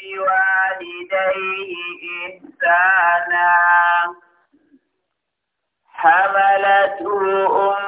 بوالديه إحسانا حملته أم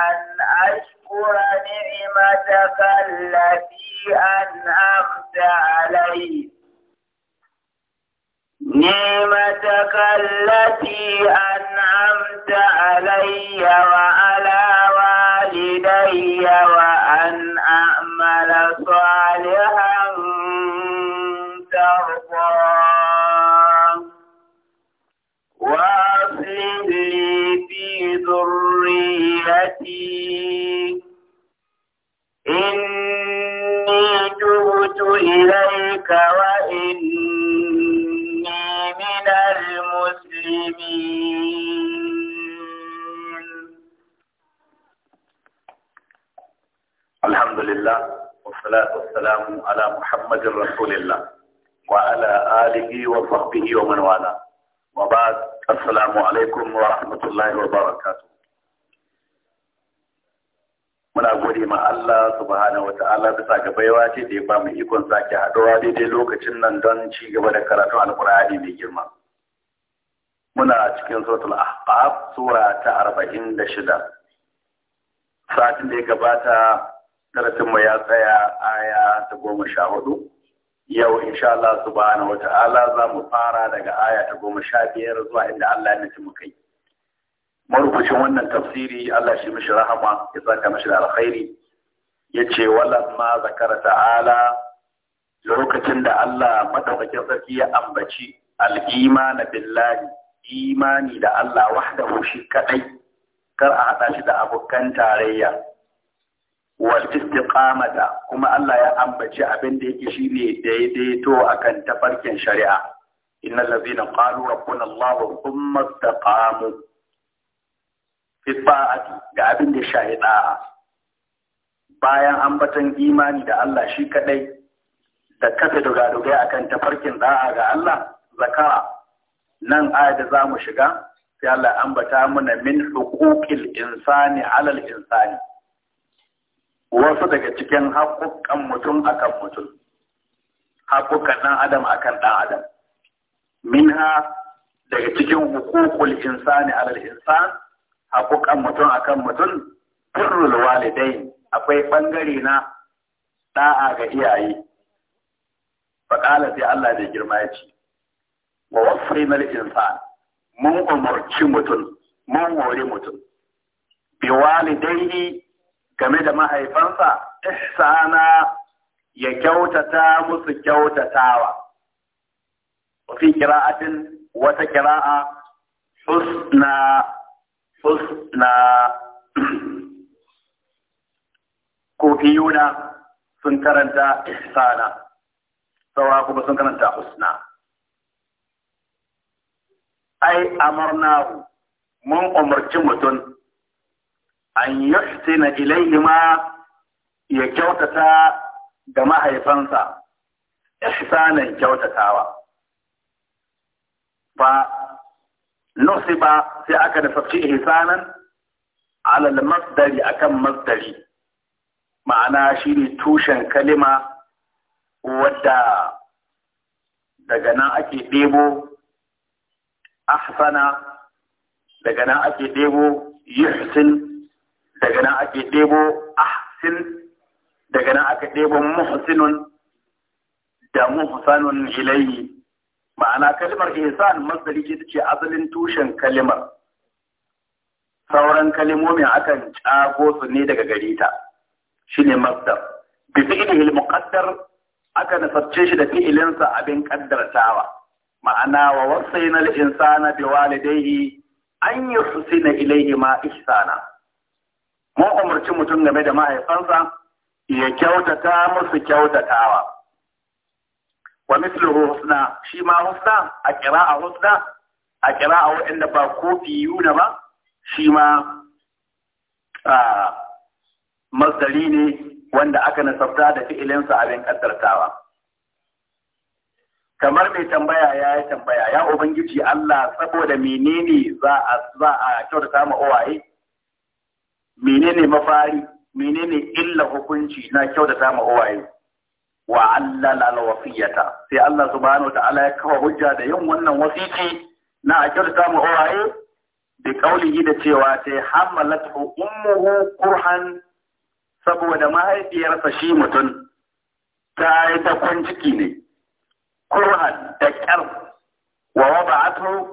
أن أشكر نعمتك التي أنعمت علي نعمتك التي أنعمت لله والصلاة والسلام على muna gode ma Allah subhanahu wata'ala bisa ga baiwa ce da ya ba mu ikon sake haɗuwa daidai lokacin nan don ci gaba da karatun alkur'ani mai girma muna cikin suratul ahqaf sura ta arba'in da shida satin da ya gabata mu ya tsaya aya ta goma sha hudu yau insha Allah subhanahu wa ta'ala za mu fara daga aya ta goma sha biyar zuwa inda Allah ya nufi mu kai marubucin wannan tafsiri Allah shi mishi rahama ya saka mishi da alkhairi ya ce ma zakara ta'ala lokacin da Allah madaukakin sarki ya ambaci al'imana billahi imani da Allah wahdahu shi kadai kar a hada shi da abokan tarayya wal istiqamata kuma Allah ya ambaci abin da yake shine daidaito akan tafarkin shari'a innal ladhina qalu rabbuna Allah thumma istaqamu fi ta'ati ga abin da shahida bayan ambatan imani da Allah shi kadai da kafa dogadogai akan tafarkin da'a ga Allah zakara nan aya da zamu shiga sai Allah ambata mana min huquqil insani alal insani wasu daga cikin haƙuƙan mutum akan mutum haƙuƙan ɗan adam akan ɗan adam ha daga cikin hukukul insani alal insan haƙuƙan mutum akan mutum turul walidain akwai ɓangare na ɗa'a ga iyaye faƙala sai Allah da girma ya ce wa wafrinal insan mun umarci mutum mun hori mutum bi walidaihi game da mahaifansa ihsana ya kyautata musu kyautatawa fi kira'atin wata kira'a husna husna kofiyuna sun karanta ihsana saura kuma sun karanta husna ai amarnahu mun umarci mutum an yuhsina ilayhima ya kyautata ga mahaifansa ihsanan kyautatawa ba fa ba sai aka nasabci ihsanan ala al-masdari akan masdari ma'ana shine tushen kalima wadda daga nan ake ɗebo ahsana daga nan ake ɗebo yuhsin daga nan ake ɗebo ahsin daga nan aka ɗebo muhsinun da muhsanun ilayhi ma'ana kalmar ihsan masdari ce ce asalin tushen kalmar sauran kalmomi akan cago su ne daga gare ta shine masdar bi fi'lihi muqaddar aka nasabce shi da fi'ilinsa abin kaddartawa ma'ana wa wasayna al-insana bi walidayhi an yusina ilayhi ma ihsana mun umarci mutum game da mahaifansa ya kyautata musu kyautatawa wa misluhu husna shi ma husna a a husna a kira a waɗanda ba kofi na ba shi ma a masdari ne wanda aka nasabta da fi'ilinsa abin kaddartawa kamar mai tambaya ya yi tambaya ya ubangiji Allah saboda menene za a za a kyautata ma owaye menene mafari menene illa hukunci na kyautata ma uwaye wa allala wasiyata. sai Allah subhanahu ta'ala ya kafa hujja da yin wannan wasiki na a kyautata ma uwaye da kaulihi da cewa sai hamalatu ummuhu kurhan saboda mahaifiyarsa shi mutum ta yi takwan ciki ne kurhan da kyar wa wada'atu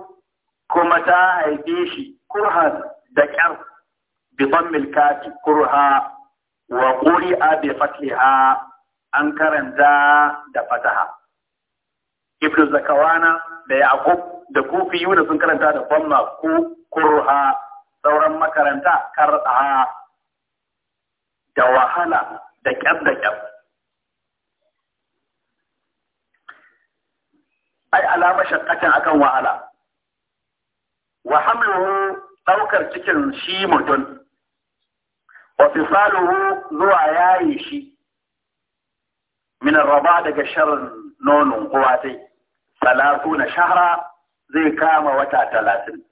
kuma ta haife shi kurhan da kyar bi dhammil kafi kurha wa quri'a bi an karanta da fataha ibnu zakawana da yaqub da kufiyuna sun karanta da dhamma ku kurha sauran makaranta karha da wahala da kyar da kyar ai alama shakkatan akan wahala wa hamluhu daukar cikin shi mutum wa zuwa yayi shi min raba daga sharrin nonon uwa tai salatu na shahra zai kama wata talatin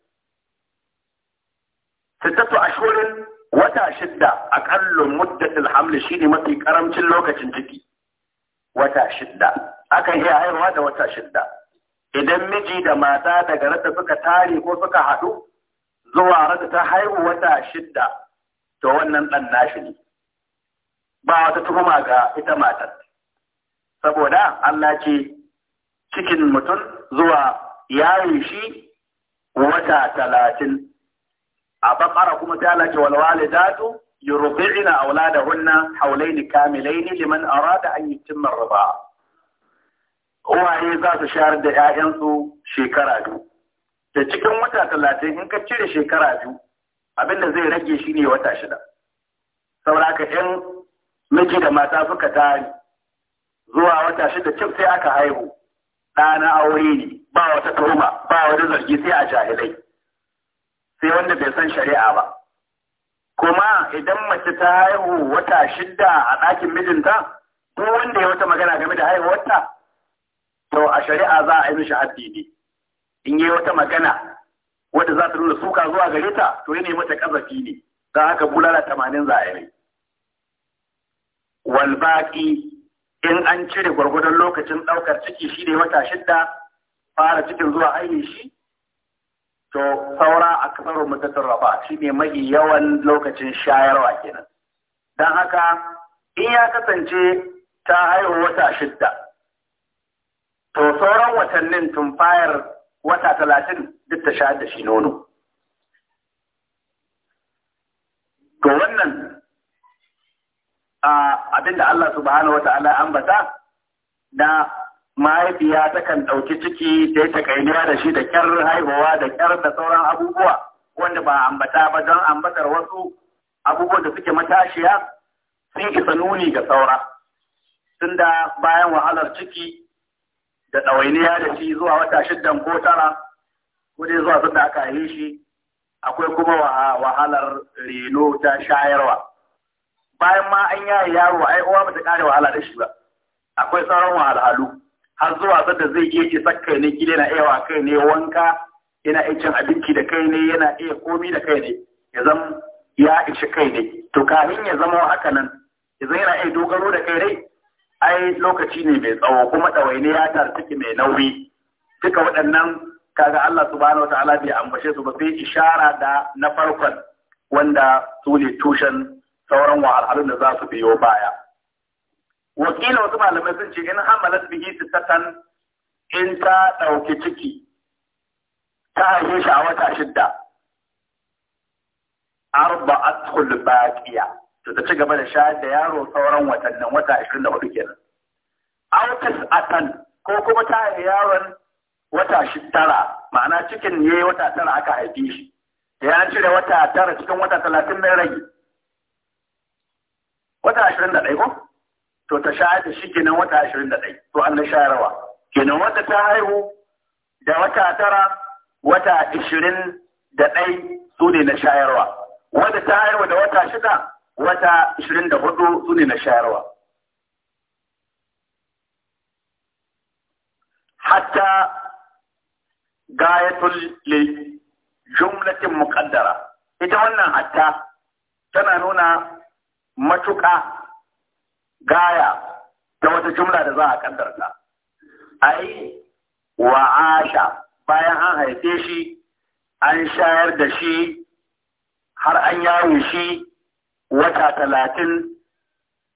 sittatu ashhurin wata shidda aqallu muddatil haml shine mafi karamcin lokacin ciki wata shidda akan iya haihuwa da wata shidda idan miji da mata daga rata suka tare ko suka haɗu zuwa rata ta haihu wata shidda to wannan ɗan nashi ne ba wata tuhuma ga ita matar saboda Allah ce cikin mutum zuwa yayin shi wata talatin a bakara kuma ta lace walwalidatu yurdi'na auladahunna haulaini kamilaini liman arada an yutimma riba uwaye za su shayar da 'ya'yansu shekara biyu da cikin wata talatin in ka cire shekara biyu abinda zai rage shi ne wata shida sauraka yan miji da mata suka tari. zuwa wata shida cif sai aka haihu ɗana aure ne ba wata tuhuma ba wani zargi sai a jahilai sai wanda bai san shari'a ba kuma idan mace ta haihu wata shida a ɗakin mijinta ko wanda ya wata magana game da haihuwarta to a shari'a za a yi mishi addini. in yi wata magana wanda za ta nuna suka zuwa gare ta to ya nemi ta kazafi ne za haka bulala tamanin za a yi in an cire gwargwadon lokacin ɗaukar ciki shi ne wata shidda fara cikin zuwa ainihi shi to saura a kasar mutattun rafa shi ne mai yawan lokacin shayarwa kenan don haka in ya kasance ta haihu wata shidda to sauran watannin tun fayar wata talatin duk ta shayar da shi nono to wannan abinda Allah subhanahu wa ta'ala ambata na mahaifiya ta kan ɗauki ciki ta yi takainiya da shi da kyar haihuwa da kyar da sauran abubuwa wanda ba ambata ba don ambatar wasu abubuwan da suke matashiya sun isa nuni ga saura tunda bayan wahalar ciki da ɗawainiya da shi zuwa wata shidan ko tara ko dai zuwa sun da aka yi shi akwai kuma wahalar reno ta shayarwa bayan ma an yaye yaro ai uwa ta kare wahala da shi ba akwai sauran wahalhalu har zuwa sanda zai iya isa sakka ne gida na iya kai ne wanka yana iya cin abinci da kai ne yana iya komi da kai ne ya zama ya ishi kai ne to kafin ya zama haka nan ya yana iya dogaro da kai dai. ai lokaci ne mai tsawo kuma ɗawaini ya tartiki mai nauyi duka waɗannan kaga Allah subhanahu ta'ala bai ambace su ba sai ishara da na farkon wanda su ne tushen sauran wahalhalun da za su biyo baya Wakilin wasu malamai sun ce in hamalat bihi sittatan in ta ɗauki ciki ta haife shi a wata shidda arba'atul baqiya to ta ci gaba da shayar da yaro sauran watannin wata ashirin da hudu kenan autis atan ko kuma ta yi yaron wata tara ma'ana cikin ne wata tara aka haifi shi ya cire wata tara cikin wata talatin mai rage wata ashirin da ɗai ko to ta shayar da shi kenan wata ashirin da ɗai to an na shayarwa kenan wata ta haihu da wata tara wata ashirin da ɗai su ne na shayarwa wanda ta haihu da wata shida wata 24 su ne na shayarwa hatta gayatul le jumlatin muƙaddara, ita wannan hatta tana nuna matuƙa gaya ta wata jumla da za a ƙaddarta ai wa asha bayan an haife shi an shayar da shi har an yawo shi wata talatin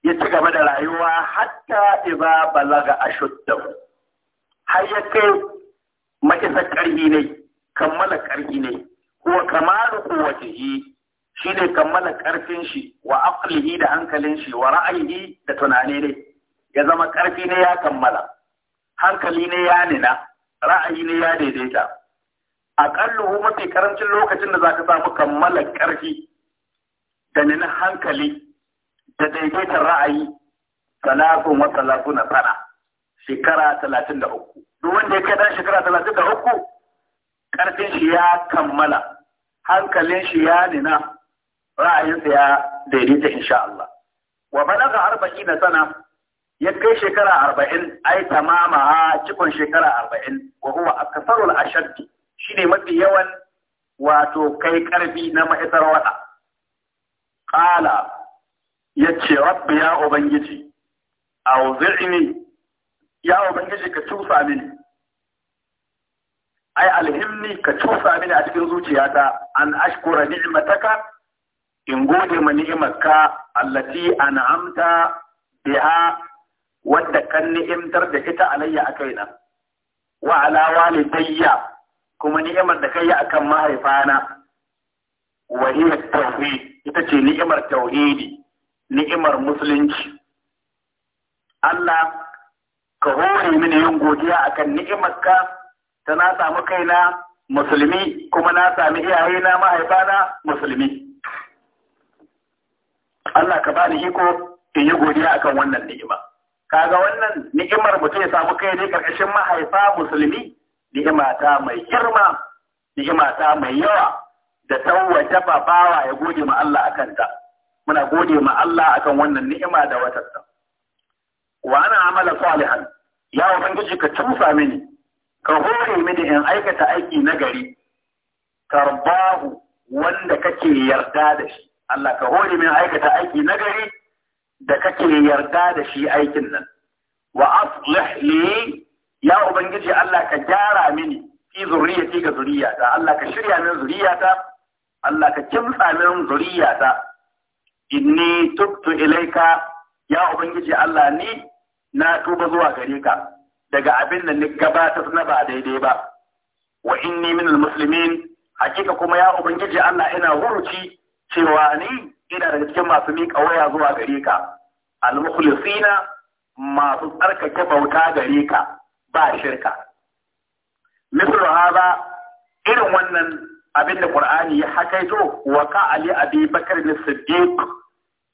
ya ci gaba da rayuwa hatta iza balaga a shuddan har ya kai makisar ƙarfi ne kammala ƙarfi ne ko kamaru kowace shi ne kammala ƙarfin shi wa aqlihi da hankalin shi wa ra'ayi da tunani ne ya zama ƙarfi ne ya kammala hankali ne ya nina ra'ayi ne ya daidaita aƙalluhu mafi karancin lokacin da za ka samu kammala ƙarfi da nuna hankali da daidaitar ra'ayi talafin wa talafin sana shekara talatin da uku duk wanda ya kai dan shekara talatin da uku ƙarfin shi ya kammala hankalin shi ya nuna ra'ayinsa ya daidaita insha Allah wa balaga arba'in na sana ya kai shekara arba'in ai tamama ha cikon shekara arba'in wa huwa akasarul ashaddi shine mafi yawan wato kai karfi na ma'isar wada Ƙala ya ce, Rabbi ya Ubangiji, a ne, ya Ubangiji ka cusa mini, ai alhimni ka cusa mini a cikin zuciyata an ashkura ni'mataka in gode ma ni'imarka allati an'amta biha wadda kan ni'imtar da ita alayya a kaina wa ala walidayya kuma ni'imar da kai akan mahaifana wa hiya ita ce ni'imar tauhidi ni'imar musulunci Allah ka hore mini yin godiya akan ni'imar ka ta na samu kaina musulmi kuma na sami iyayena mahaifana musulmi Allah ka bani iko in yi godiya akan wannan ni'ima kaga wannan ni'imar mutum ya samu kai ne karkashin mahaifa musulmi ni'ima ta mai girma ni'ima ta mai yawa da tawaje ba bawa ya gode ma Allah akan ta muna gode ma Allah akan wannan ni'ima da watarsa wa ana amala salihan ya ubangiji ka tufa mini ka hore mini in aikata aiki na gari tarbahu wanda kake yarda da shi Allah ka hore mini aikata aiki na gari da kake yarda da shi aikin nan wa aslih li ya ubangiji Allah ka gyara mini fi zuriyati ga zuriyata Allah ka shirya min zuriyata Allah ka kimtsa min zuriyata inni tubtu ilaika ya ubangiji Allah ni na tuba zuwa gare ka daga abin da ni gabatar na ba daidai ba wa inni min almuslimin hakika kuma ya ubangiji Allah ina huruci cewa ni ina daga cikin masu miƙa waya zuwa gare ka almukhlisina masu tsarkake bauta gare ka ba shirka misru hada irin wannan abin da Qur'ani ya hakaito wa ka ali abi bakar ne siddiq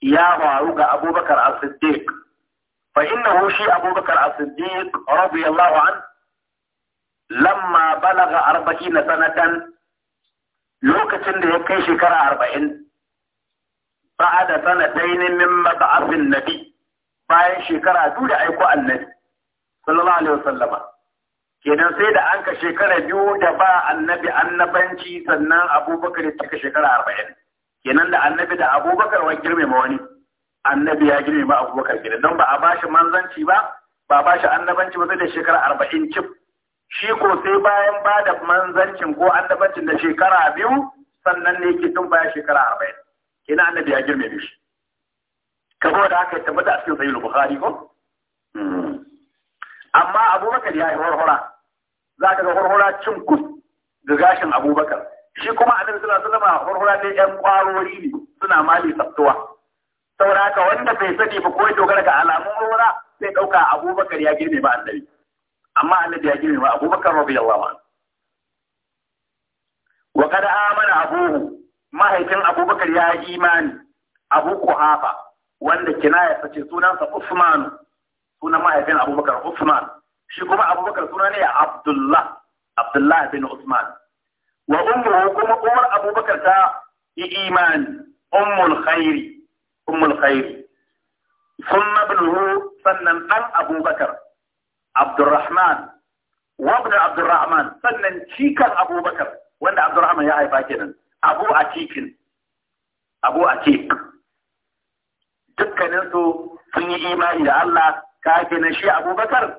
ya faru ga abubakar as-siddiq fa innahu shi abubakar as-siddiq radiyallahu an lamma balaga 40 sanatan lokacin da ya kai shekara 40 ba'ada sanatayn min mab'ath an-nabi bayan shekara biyu da aiko annabi sallallahu alaihi wasallama kenan sai da an ka shekara biyu da ba annabi annabanci sannan abubakar ya cika shekara arba'in kenan da annabi da abubakar wani ma wani annabi ya ma abubakar kenan don ba a bashi manzanci ba ba a bashi annabanci ba sai da shekara arba'in cif shi ko sai bayan ba da manzancin ko annabancin da shekara biyu sannan ne ke tun baya shekara arba'in kenan annabi ya girmama shi kamar da haka ya tabbata a cikin sahihul bukhari ko hmm. amma abubakar ya yi horhora za ka ga horhora cin kus da gashin abubakar shi kuma a nan suna suna horhora ne yan kwarori ne suna mali tsaftuwa Saura ka wanda bai sani ba ko ya dogara ga alamun horhora sai ɗauka abubakar ya girme ba annabi amma annabi ya girme ba abubakar radiyallahu anhu wa kad amana abuhu mahaifin abubakar ya yi imani abu kuhafa wanda kinaya sace sunansa usmanu sunan mahaifin abubakar usman shi kuma abubakar suna ne abdullah abdullah bin usman wa ummuhu kuma umar abubakar ta yi imani ummul khairi ummul khairi sunna ibnuhu sannan dan abubakar abdurrahman wa abdurrahman sannan cikar abubakar wanda abdurrahman ya haifa kenan abu a cikin abu a cik. dukkaninsu sun yi imani da Allah ka na shi abubakar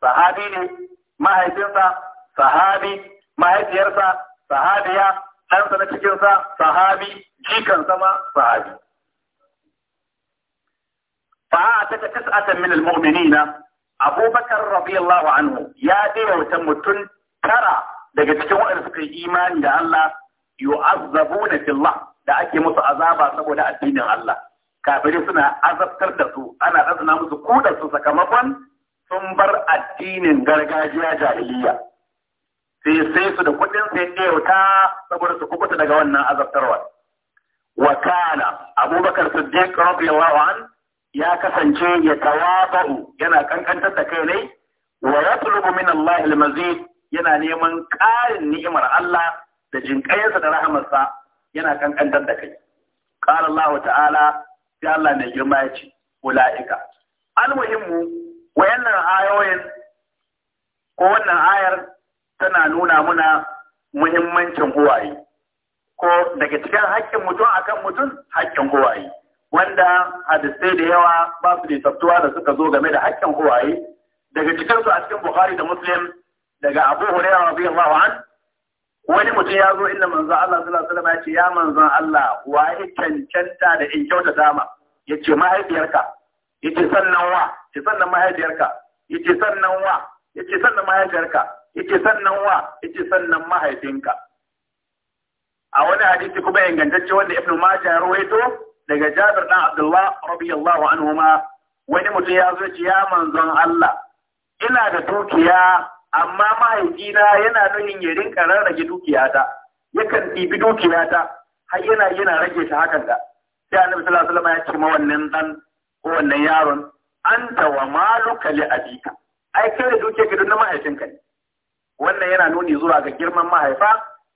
sahabi ne mahaifinsa sahabi mahaifiyarsa sahabiya ɗansa na cikinsa sahabi jikansa ma sahabi فأعتك تسعة من المؤمنين أبو بكر رضي الله ya يا wata وتمتن tara daga cikin waɗanda suka yi imani da Allah yu'azzabuna fillah da ake musu azaba saboda addinin Allah kafiri suna azabtar da su ana razana musu kuda su sakamakon sun bar addinin gargajiya jahiliya sai sai su da kudin sai ɗewta saboda su kubuta daga wannan azabtarwa Wakana, abubakar siddiq radiyallahu an ya kasance ya tawaba'u yana kankantar da kai ne wa yatlubu min Allah al-mazid yana neman ƙarin ni'imar Allah da jinƙayinsa da rahamarsa yana kankantar da kai qala Allah ta'ala sai Allah mai girma ya ce ula'ika almuhimmu wayannan ayoyin ko wannan ayar tana nuna muna muhimmancin huwaye ko daga cikin haƙƙin mutum akan mutum haƙƙin huwaye wanda hadisai da yawa ba su da da suka zo game da haƙƙin huwaye daga cikinsu a cikin Bukhari da Muslim daga Abu Hurairah radiyallahu anhu wani mutum ya zo inda manzon Allah sallallahu alaihi ya ce ya manzon Allah wa ya cancanta da in kyauta dama Ya ce mahaifiyarka ce sannan wa ce sannan mahaifiyarka ce sannan wa ce sannan mahaifiyarka ce sannan wa ce sannan mahaifinka a wani hadisi kuma ingantacce wanda Ibn Majah ya rawaito daga Jabir dan Abdullah radiyallahu ma wani mutum ya zo ya manzon Allah ina da dukiya amma mahaifina yana nuhin ya rinka rarrage dukiyata yakan ɗibi dukiyata har yana yana rage ta hakan da sai annabi sallallahu alaihi wasallam ya ce ma wannan dan ko wannan yaron anta wa maluka li abika ai kai da duke ka na mahaifinka ne wannan yana nuni zuwa ga girman mahaifa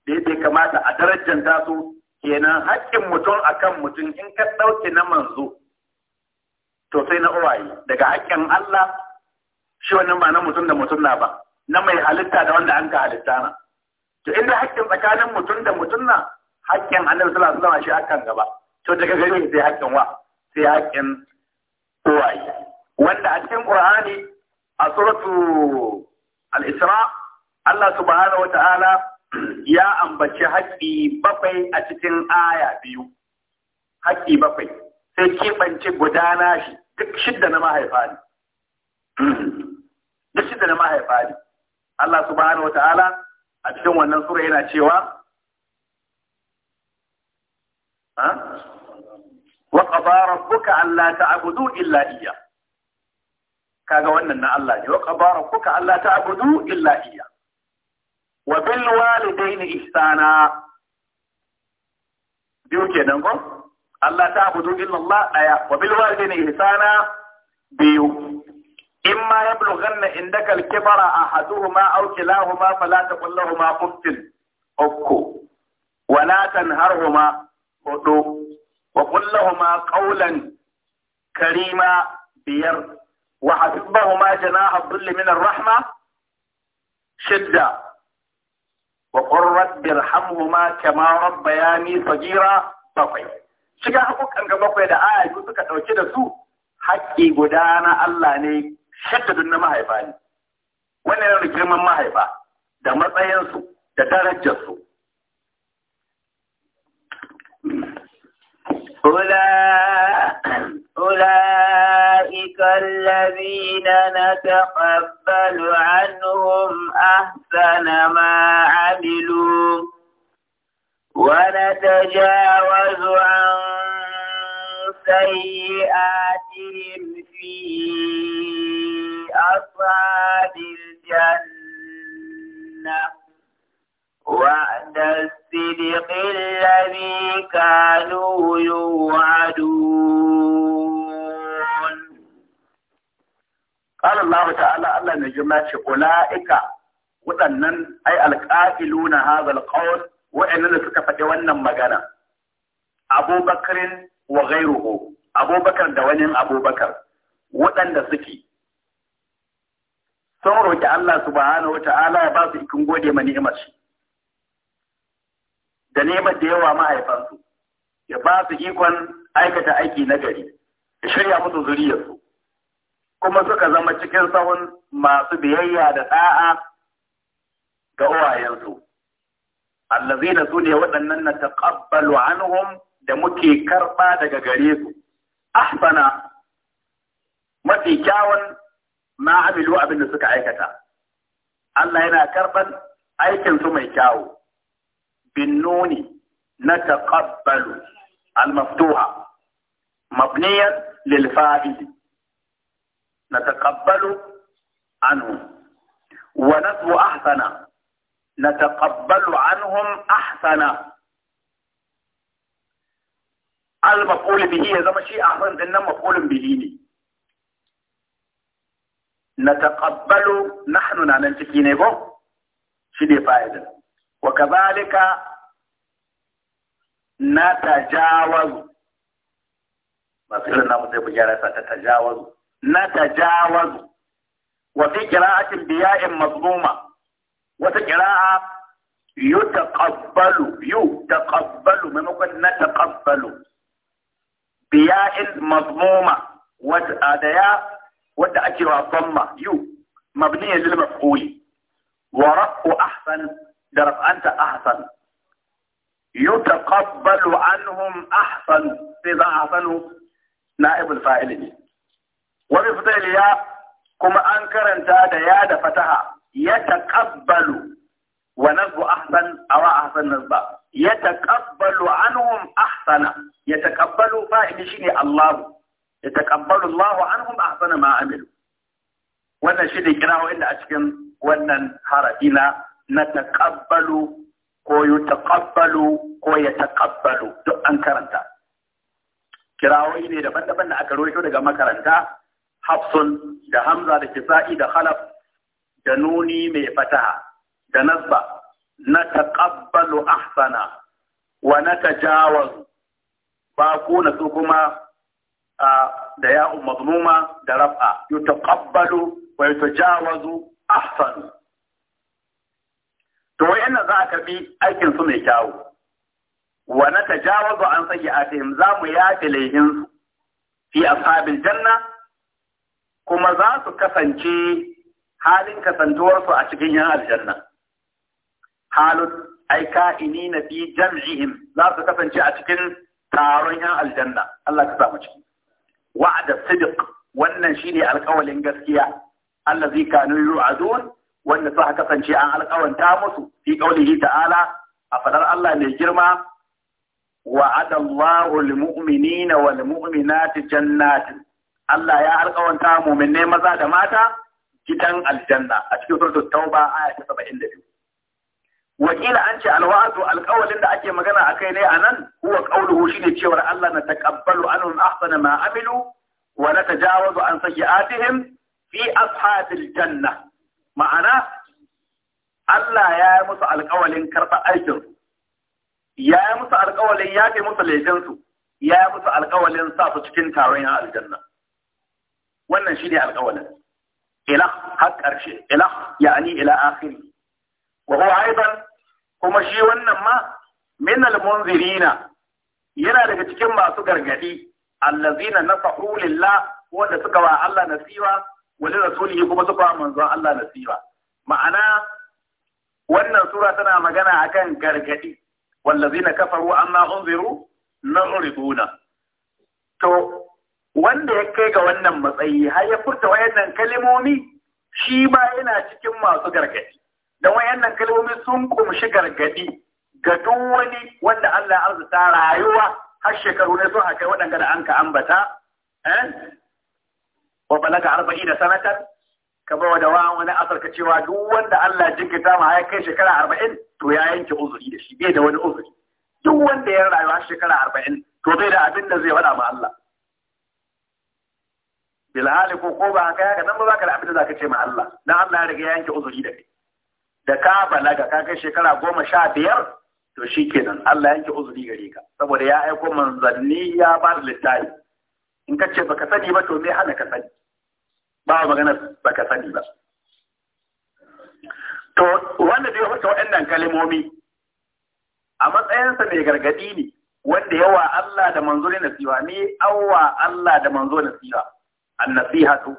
da ya ya kamata a darajanta su kenan haƙƙin mutum akan mutum in ka ɗauke na manzo to sai na uwaye daga haƙƙin Allah shi wannan ba na mutum da mutum na ba na mai halitta da wanda an ka halitta na to inda haƙƙin tsakanin mutum da mutum na haƙƙin annabi sallallahu alaihi wasallam shi hakan gaba to daga gare sai haƙƙin wa sai haƙƙin uwaye wanda a cikin qur'ani a suratu al-isra Allah subhanahu wata'ala ya ambaci haƙƙi bakwai a cikin aya biyu haƙƙi bakwai sai kebance gudana shi duk shidda na mahaifa ne duk shidda na mahaifa ne Allah subhanahu wata'ala a cikin wannan sura yana cewa wa kuka Allah alla ta'budu illa iyya kaga wannan na Allah ne wa kuka Allah alla ta'budu illa iya. wa bil walidayni ihsana biyu kenan ko Allah ta'budu illa Allah ɗaya. wa bil walidayni ihsana biyu in ma ya bulganna indaka al-kibara ahaduhuma aw kilahuma fala taqul lahumā uffin ukku wa la tanharhuma hudu wa qul lahumā qawlan karima biyar wa hasibhuma janaha dhilli min ar-rahma shidda wa qur rabbi irhamhuma kama rabbayani saghira bakwai shiga hakukan ga bakwai da aya suka ɗauki da su haƙƙi guda na Allah ne shaddadin na mahaifa ne wannan yana girman mahaifa da matsayinsu da darajarsu أولئك الذين نتقبل عنهم أحسن ما عملوا ونتجاوز عن سيئاتهم في أصحاب الجنة وعد الصدق الذي كانوا يوعدون قال الله تعالى الله من جملة أولئك waɗannan ai alƙa'ilu na hazal ƙawar waɗannan da suka faɗi wannan magana abubakarin wa gairuhu abubakar da wani abubakar waɗanda suke sun roƙi Allah subhanahu wa ta'ala ya ba su ikin gode ma ni'imar shi da neman da yawa mahaifansu ya ba su ikon aikata aiki na gari ya shirya musu zuriyarsu kuma suka zama cikin sahun masu biyayya da ɗa'a ga uwayensu allazina su ne waɗannan na taƙabbalu anhum da muke karɓa daga gare su ahsana mafi kyawun ma amilu abin da suka aikata Allah yana karban aikin su mai kyawu bin nuni na taqabbalu al-maftuha mabniyan lil fa'il نتقبل عنهم ونتلو أحسن نتقبل عنهم أحسن المفعول به إذا مشي أحسن إن مفعول به نتقبل نحن نعمل تكيني بو شدي فائدة وكذلك نتجاوز ما لنا مزيب جارة تتجاوز نتجاوز وفي قراءة بياء مظلومة وفي قراءة يتقبل يتقبل وقت نتقبل بياء مظلومة وتأدياء wadda ake wa dhamma yu mabniya lil maf'uli wa rafu ahsan da raf'anta ahsan yutaqabbalu anhum ahsan sai za ahsanu na'ibul fa'il ne wa bi fitaliya kuma an karanta da ya da fataha yataqabbalu wa nazbu ahsan aw ahsan nazba yataqabbalu anhum ahsana yataqabbalu fa'il shine Allahu yataqabbalu Allahu anhum ahsana ma amilu wannan shi ne kirawo inda a cikin wannan harafi na na taqabbalu ko yutaqabbalu ko yataqabbalu duk an karanta kirawoyi ne daban-daban da aka rawaito daga makaranta hafsun da hamza da kisa'i da khalaf da nuni mai fataha da nasba na taƙabbalu ahsana wa na tajawazu ba ku na su kuma da ya'un mazmuma da raf'a yutaqabbalu wa yutajawazu ahsanu to wayannan za a bi aikin su mai kyawu wa na an sayyi'atihim za mu yafe laihinsu fi ashabil janna kuma za su kasance halin kasantuwarsu a cikin yan aljanna halut ai ka'ini na fi jam'ihim za su kasance a cikin taron yan aljanna Allah ka samu ciki wa'ada sidiq wannan shine alƙawalin gaskiya allazi kanu yu'adun wanda suka kasance an alƙawanta musu fi qaulihi ta'ala a fadar Allah mai girma wa'ada Allahu lil wal-mu'minati jannatin Allah ya alƙawanta mu'minai maza da mata gidan aljanna a cikin suratul tauba aya ta 72 wakila an ce alwa'adu alƙawalin da ake magana a kai ne a nan huwa ƙauluhu shi ne cewar Allah na taƙabbalu anun ahsana ma amilu wa na tajawazu an saki sayi'atihim fi ashabil janna ma'ana Allah ya yi musu alƙawalin karɓar aikin su ya yi musu alƙawalin ya fi musu laifinsu, su ya yi musu alƙawalin sa su cikin taron yan aljanna wannan shi ne alƙawalin ila har ƙarshe ila ya'ani ila akhiri wa huwa aidan kuma shi wannan ma min munzirina yana daga cikin masu gargadi allazina nasahu lillah wanda suka wa Allah nasiwa wa rasulihi kuma suka wa manzon Allah nasiwa ma'ana wannan sura tana magana akan gargadi wallazina kafaru amma unziru na'riduna to wanda ya kai ga wannan matsayi har ya furta wayannan kalimomi shi ma yana cikin masu gargadi da wayannan kalmomi sun kumshi gargadi ga duk wani wanda Allah ya arzuta rayuwa har shekaru ne sun akai waɗanda da an ka ambata eh wa balaga arba'ina sanatan kamar wa dawa wani asar ka cewa duk wanda Allah jinkita ma ya kai shekara 40 to ya yanke uzuri da shi bai da wani uzuri duk wanda ya rayu har shekara 40 to bai da abin da zai faɗa ma Allah bilhali ko ko ba ka ya ga nan ba za ka da abin da za ka ce ma Allah dan Allah ya riga ya yanke uzuri da kai da ka balaga ka kai shekara goma sha biyar to shi kenan Allah yanke uzuri gare ka saboda ya aiko manzanni ya ba da littafi in ka ce baka sani ba to me hana ka sani ba magana baka sani ba to wanda bai wata waɗannan kalimomi a matsayinsa mai gargadi ne wanda yawa Allah da manzo ne nasiwa ni awwa Allah da manzo nasiha annasihatu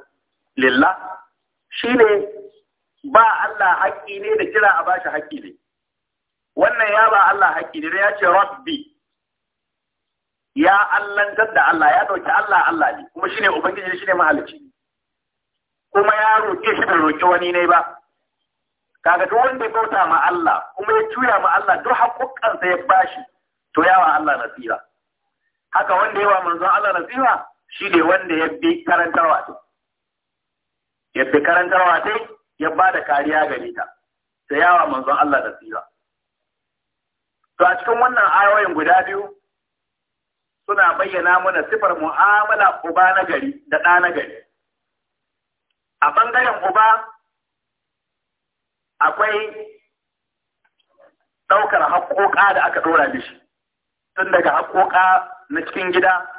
lillah shine ba Allah haƙƙi ne da kira a bashi haƙƙi ne wannan ya ba Allah haƙƙi ne ya ce rabbi ya allantar da Allah ya ɗauki Allah Allah ne kuma shi ne ubangiji ne mahalicci kuma ya roƙe shi da roƙe wani ne ba kaga duk wanda ya bauta ma Allah kuma ya tura ma Allah duk haƙƙoƙansa ya bashi to ya wa Allah nasira haka wanda ya wa manzon Allah nasira shi ne wanda ya bi karantarwa ya bi karantarwa dai ya ba da kariya gare ta da yawa manzon Allah da tsira to a cikin wannan ayoyin guda biyu suna bayyana mana sifar mu'amala uba na gari da ɗa na gari a ɓangaren uba akwai ɗaukar haƙoƙa da aka ɗora mishi tun daga haƙoƙa na cikin gida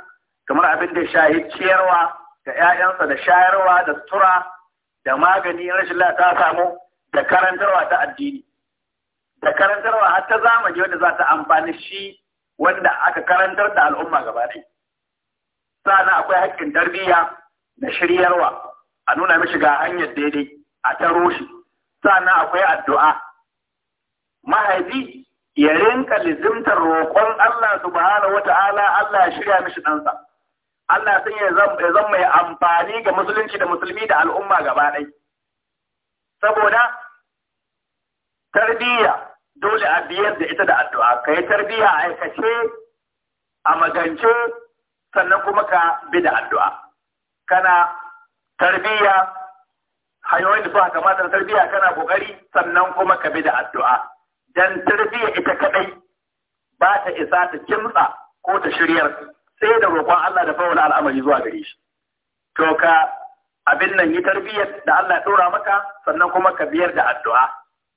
kamar abin da shayi ciyarwa ga ‘ya'yansa da shayarwa da sutura da magani rashin la ta samu da karantarwa ta addini da karantarwa har ta zamani wanda za ta amfani shi wanda aka karantar da al'umma gaba ɗaya sannan akwai haƙƙin tarbiyya na shiryarwa a nuna mishi ga hanyar daidai a taro shi sannan akwai addu'a mahaifi ya rinka lizimtar roƙon Allah subhanahu wata'ala Allah ya shirya mishi ɗansa Allah sun ya zan mai amfani ga musulunci da musulmi da al'umma gaba ɗai. Saboda tarbiyya dole a biyar da ita da addu'a, ka yi tarbiyya a aikace, a magance, sannan kuma ka bi da addu'a. Kana tarbiyya, hanyoyin da suka kamata na tarbiyya kana ƙoƙari, sannan kuma ka bi da addu'a. Dan tarbiyya ita kaɗai ba ta isa ta kimtsa ko ta shiryar sai da roƙon Allah da fawon al'amari zuwa gare shi to ka abin nan yi tarbiyyar da Allah ya ɗora maka sannan kuma ka biyar da addu'a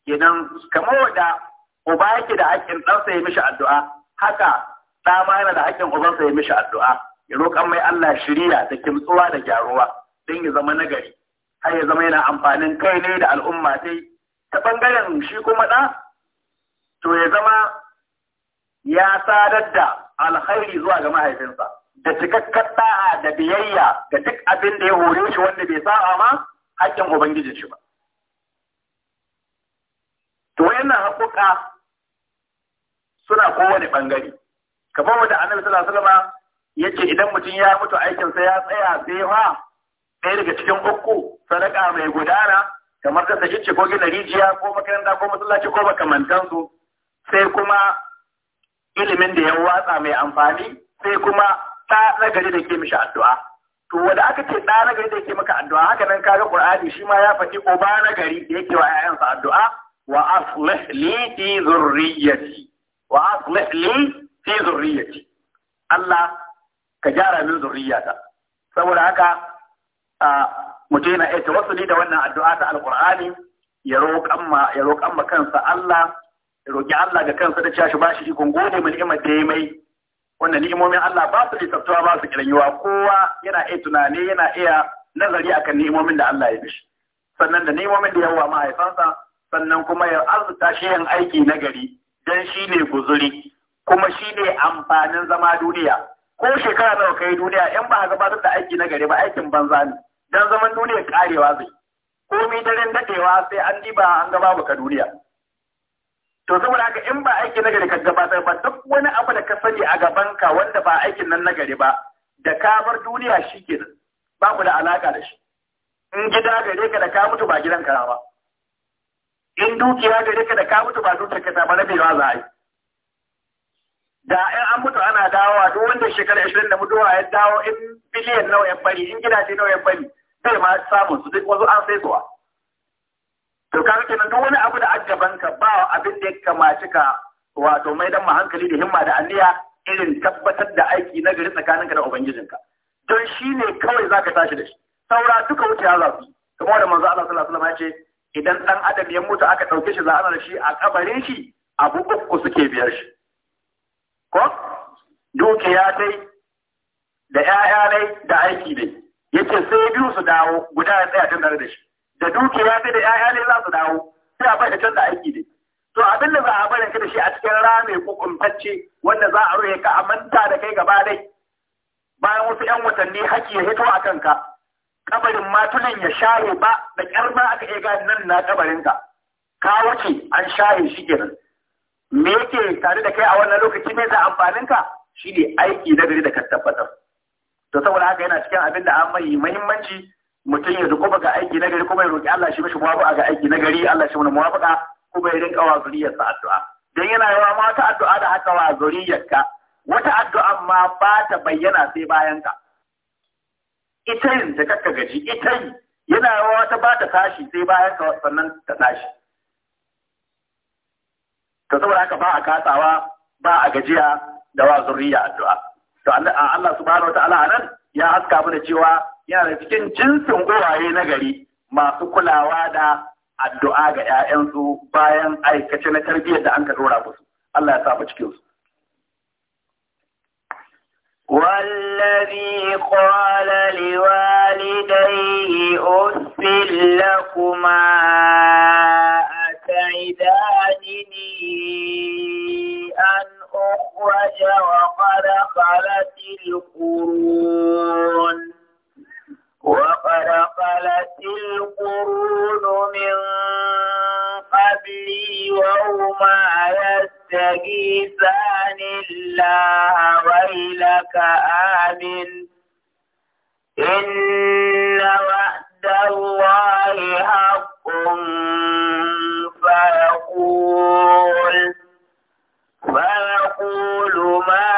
kenan kamar wanda uba yake da haƙƙin ɗansa ya mishi addu'a haka ɗa mana yana da haƙƙin ubansa ya mishi addu'a ya roƙan mai Allah shirya da kimtsuwa da gyaruwa don ya zama nagari har ya zama yana amfanin kai ne da al'umma dai ta ɓangaren shi kuma ɗa to ya zama ya sadar da alkhairi zuwa ga mahaifinsa da cikakkar da'a da biyayya ga duk abin da ya hore shi wanda bai sa'a ma haƙƙin ubangijin shi ba to wayannan haƙuƙa suna kowane ɓangare. kamar wanda annabi sallallahu alaihi wasallam ce idan mutum ya mutu aikin sa ya tsaya sai ɗaya daga cikin uku sadaka mai gudana kamar ta saki ko gina rijiya ko makaranta ko masallaci ko makamantansu sai kuma ilimin da ya watsa mai amfani sai kuma ta nagari da ke mishi addu'a to wanda aka ce ɗa nagari da ke maka addu'a haka nan kaga qur'ani shi ma ya faɗi uba nagari da yake wa 'ya'yansa addu'a wa aslih li fi zurriyyati wa aslih fi zurriyyati Allah ka gyara min zurriyata saboda haka mutum yana iya tawassuli da wannan addu'a ta alqur'ani ya roƙan ma kansa Allah roƙi Allah ga kansa da cewa shi bashi ikon gode mu ni'imar da ya mai wannan ni'imomin Allah ba su lissaftuwa ba su kiranyuwa kowa yana iya tunani yana iya nazari akan ni'imomin da Allah ya mishi sannan da ni'imomin da ya wa mahaifansa sannan kuma ya arzuta shi yin aiki na gari dan shi ne guzuri kuma shi ne amfanin zama duniya ko shekara nawa kai duniya in ba gabatar da aiki na gari ba aikin banza ne dan zaman duniya karewa zai komai daren dadewa sai an diba an ga babu ka duniya to saboda haka in ba aiki nagari ka gabatar ba duk wani abu da ka sani a ka wanda ba aikin nan nagari ba da ka bar duniya shi ke nan ba mu da alaka da shi in gida gare ka da ka mutu ba gidan kara ba in dukiya gare ka da ka mutu ba dukiyar ka ta ba rabewa za a yi da in an mutu ana dawowa duk wanda shekara ashirin da mutuwa ya dawo in biliyan nawa ya bari in gidaje nawa ya bari zai ma samun su duk wasu an sai suwa to kaga kenan duk wani abu da addaban ka ba abin da ya kamaci ka wato mai dan ma hankali da himma da alliya irin tabbatar da aiki na gari tsakanin ka da ubangijinka don shi ne kawai zaka tashi da shi saura duka wuce za su kuma da manzo Allah sallallahu alaihi wasallam ya ce idan dan adam ya mutu aka dauke shi za a shi a kabarin shi abu uku suke biyar shi ko dukiya dai da ƴaƴa dai da aiki dai yace sai biyu su dawo guda ya tsaya tun da shi da dukiya sai da 'ya'ya ne za su dawo sai a bai canza aiki ne to abin da za a barin ka da shi a cikin rami ko kumtacce wanda za a roye ka a manta da kai gaba dai bayan wasu 'yan watanni haƙƙi ya hito a kanka kabarin matunan ya shaye ba da kyar ba aka iya gani nan na kabarin ka ka wuce an shaye shi kenan me yake tare da kai a wannan lokaci me za amfanin ka ne aiki na gari da ka tabbatar to saboda haka yana cikin abin da an mai muhimmanci mutum ya dukuba ga aiki na gari kuma ya roƙi Allah shi mishi muwafaqa ga aiki na gari Allah shi mana muwafaqa kuma ya rinka wa zuriyarsa addu'a dan yana yawa ma ta addu'a da haka wa zuriyarka wata addu'a ma ba ta bayyana sai bayan ka ita yin da kakka gaji ita yi yana yawa wata ba ta tashi sai bayan ka sannan ta tashi to saboda haka ba a katsawa ba a gajiya da wa zuriya addu'a to Allah subhanahu wa ta'ala nan ya haska mana cewa yana cikin jinsin guraye na gari masu kulawa da addu'a ga 'ya'yansu bayan aikace na tarbiyyar da an ka dora musu Allah ya sa mu cikin su والذي قال لوالديه أف لكما أتعدانني أن أخرج وقد خلت القرون وقد خلت القرون من قبلي وهما يستغيثان الله ويلك آمن إن وعد الله حق فيقول فيقول ما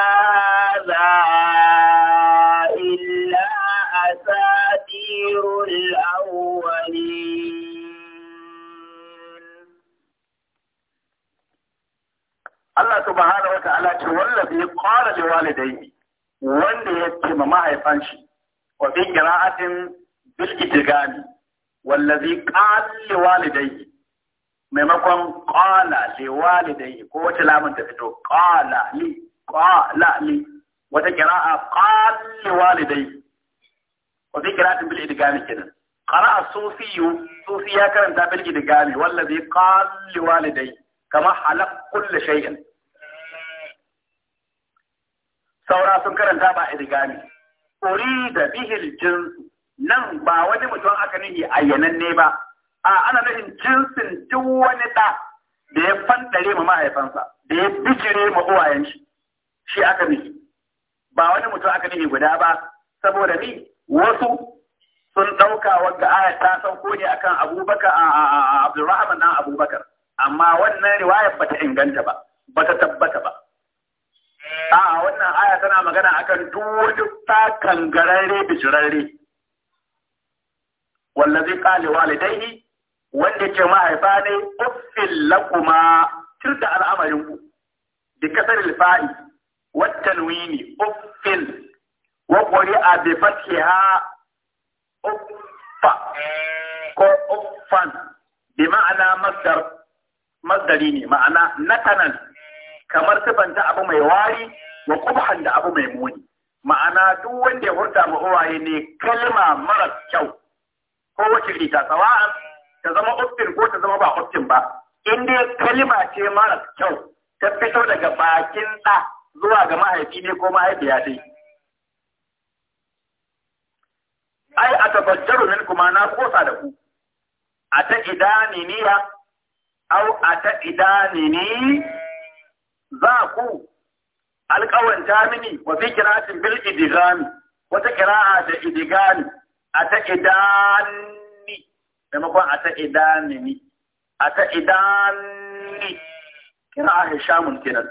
subhanahu wa ta'ala ce wallazi qala li walidayhi wanda ya ce ma mahaifan shi wa bi qira'atin bil wallazi qala li maimakon qala li ko wata lamun ta fito qala li qala li wata qira'a qala li wa bi qira'atin bil kenan qara'a sufiyyu karanta bil wallazi qala li kama shay'in saura sun karanta ba irigami uri da bihil jinsu nan ba wani mutum aka nihi ayyananne ba a ana nufin jinsin duk wani ɗa da ya fandare ma mahaifansa da ya bijire ma uwayen shi shi aka nihi ba wani mutum aka nihi guda ba saboda ni wasu sun ɗauka wanda aya ta sauko ne akan abubakar a abdulrahman dan abubakar amma wannan riwayar ta inganta ba ba ta tabbata ba A'a wannan aya tana magana akan duk wani takan gararre da shirarre. Wallazi qali walidaihi wanda ke mahaifa ne uffil lakuma tirda al'amarin ku bi kasar al wata wa tanwini uffil wa a bi ha uffa ko uffan bi ma'ana masdar masdari ne ma'ana natanan kamar sifanta abu mai wari wa kubhan da abu mai muni ma'ana duk wanda ya hurta ma uwaye ne kalma mara kyau ko wace rita sawa'an ta zama uftin ko ta zama ba uftin ba in dai kalma ce mara kyau ta fito daga bakin ɗa zuwa ga mahaifi ne ko mahaifiya dai ai a tabajjaru min kuma na kosa da ku a ta idani niya au a ta idani ni ku alƙawanta mini wa fi kiratin bil idigami wata kira'a da idigami a ta idanni maimakon a ta idanni a ta idanni kira'a hishamun kenan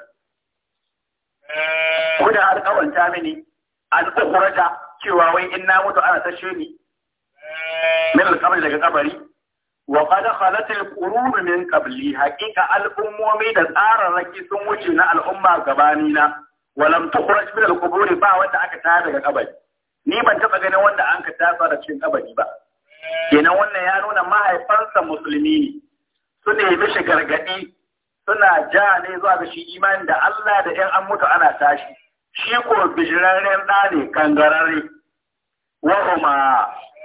da alƙawanta mini an ƙuƙurata cewa wai in na mutu ana tashe ni min alƙabari daga kabari wa qad khalat al-qurun min qabli haqiqa al-ummomi da tsararraki sun wuce na al'umma gabani na walam tukhraj min al-qubur ba wanda aka tara daga kabari ni ban taba ganin wanda an ka tasa da cikin kabari ba kenan wannan ya nuna mahaifansa musulmi ne su ne mishi gargadi suna ja ne zuwa ga shi imani da Allah da ‘yan an mutu ana tashi, shi ko bijirarren ɗa ne kangararre, wa'uma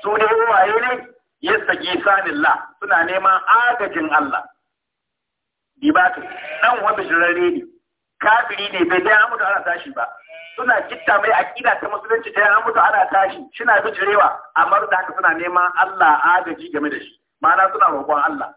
su ne uwaye ne yastagisanillah suna neman agajin Allah dibatu ɗan wanda jirare ne kafiri ne bai da mutu ana tashi ba suna kitta mai akida ta musulunci da ya ana tashi bi bijirewa amma da haka suna neman Allah agaji game da shi ma'ana suna roƙon Allah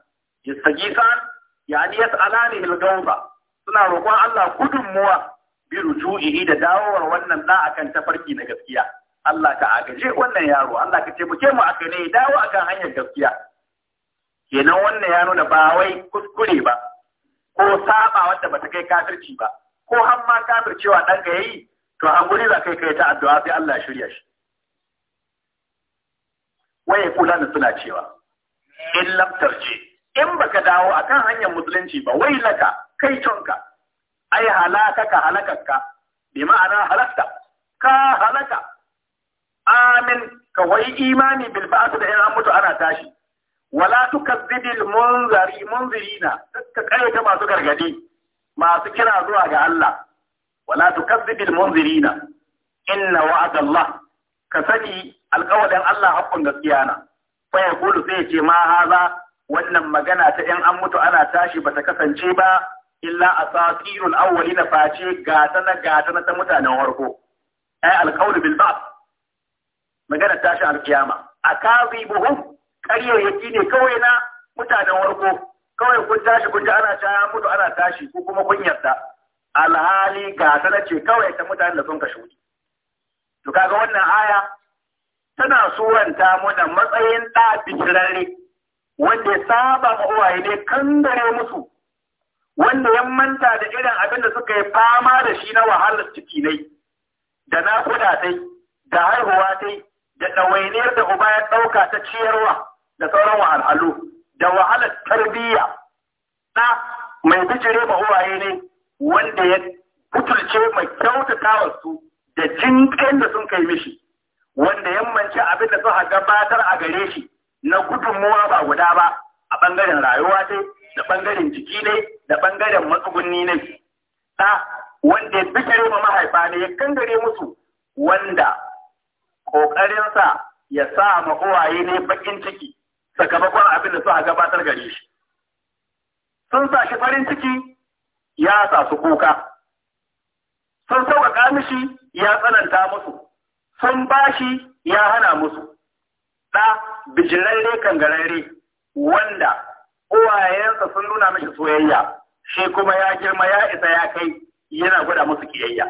yastagisan yani yas'alani al-gawfa suna roƙon Allah gudunmuwa bi ruju'i da dawowar wannan da akan tafarki na gaskiya Allah ka agaje wannan yaro Allah ka taimake mu aka ne dawo akan hanyar gaskiya kenan wannan ya nuna ba wai kuskure ba ko saba wanda bata kai kafirci ba ko har ma kafircewa dan ga yayi to guri za kai kai ta addu'a sai Allah shirya shi waye da suna cewa in lam tarji in baka dawo akan hanyar musulunci ba wai laka kai tonka ai halakaka halakakka bi ma'ana halakta ka halaka amin ka imani bil ba'th da an mutu ana tashi wala tukazzibil munzari munzirina ka kayyata masu gargadi masu kira zuwa ga Allah wala tukazzibil munzirina inna wa'ada Allah ka sani alƙawarin Allah haƙƙun gaskiya na fa yaqulu sai ce ma haza wannan magana ta 'yan an mutu ana tashi bata kasance ba illa asatirul awwalina face gata na gata na ta mutanen farko ai alqawlu bil magana tashin alkiyama a kazibuhum ƙaryayyaki ne kawai na mutanen warko kawai kun tashi kun ji ana ta mutu ana tashi ko kuma kun yarda alhali ga sana ce kawai ta mutanen da sun ka shuɗi to kaga wannan aya tana suranta muna matsayin da bijirare wanda ya saba ma uwaye ne kangare musu wanda ya manta da irin abin da suka yi fama da shi na wahalar ciki ne da na tai da haihuwa tai da ɗawainiyar da uba ya ɗauka ta ciyarwa da sauran wahalhalu da wahalar tarbiyya na mai bijire ma uwaye ne wanda ya kutulce mai kyautata su da jinƙen da sun kai mishi wanda yammanci abin da suka gabatar a gare shi na gudunmuwa ba guda ba a ɓangaren rayuwa ne, da ɓangaren jiki ne da ɓangaren matsugunni ne ɗa wanda ya bijire ma mahaifa ne ya kangare musu wanda ƙoƙarinsa ya sa ma uwaye ne bakin ciki sakamakon abin da suka gabatar gare shi sun sa shi farin ciki ya sa su kuka sun sauƙaƙa mishi ya tsananta musu sun bashi ya hana musu ɗa bijirarre kangararre wanda uwayensa sun nuna mashi soyayya shi kuma ya girma ya isa ya kai yana gwada musu ƙiyayya.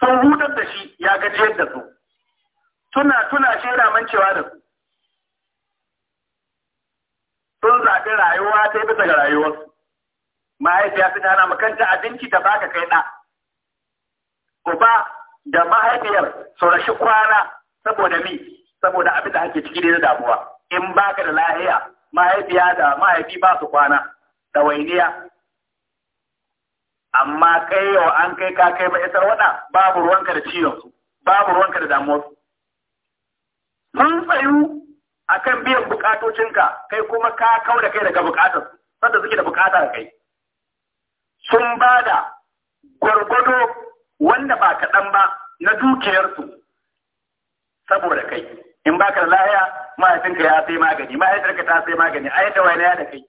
sun hutar da shi ya gajiyar da su tuna tuna shi ramancewa da su sun zaɓi rayuwa ta yi bisa ga rayuwarsu mahaifiya su tana makanta abinci da baka kai ɗa uba da mahaifiyar su rashi kwana saboda mi saboda abin da ake ciki da damuwa in baka da lahiya mahaifiya da mahaifi ba su kwana wainiya amma kai yau an kai ka kai ba isar wada babu ruwanka da ciwon su babu ruwanka da damuwar su sun tsayu a kan biyan bukatocinka kai kuma ka kau da kai daga bukatar su sanda suke da bukatar kai sun ba da gwargwado wanda ba kaɗan ba na dukiyarsu saboda kai in baka da lahiya mahaifinka ya sai magani mahaifinka ta sai magani a yadda wani ya da kai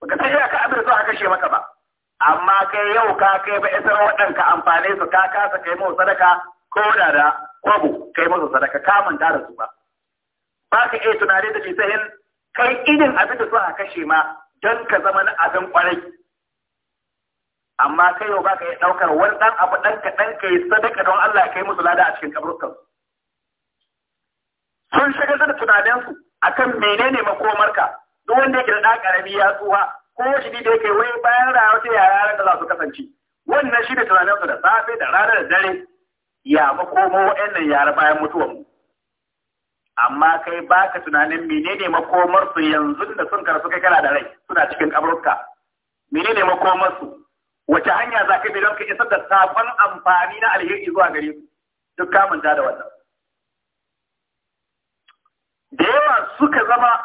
ba ka sai ka abin so haka kashe maka ba amma kai yau ka kai ba isar waɗanka amfane su ka kasa kai musu sadaka ko da da kwabo kai musu sadaka ka manta da su ba ba ka iya tunani da lisahin kai idin abin da suka kashe ma don ka zama na abin kwarai amma kai yau ba ka iya ɗaukar wani ɗan abu ɗan kaɗan ka yi sadaka don Allah kai musu lada a cikin kaburkan sun shigar da tunaninsu akan menene makomarka duk wanda ya da ɗan ƙarami ya tsuwa ko shi da yake wai bayan da wata yara da za su kasance wannan shi da tunanin su da safe da rana da dare ya makomo waɗannan yara bayan mutuwan mu amma kai baka tunanin menene makomar su yanzu da sun karsu kai kana da rai suna cikin kaburka menene makomar su wace hanya za ka bi don ka isar da sabon amfani na alheri zuwa gare su duk ka manta da wannan da yawa suka zama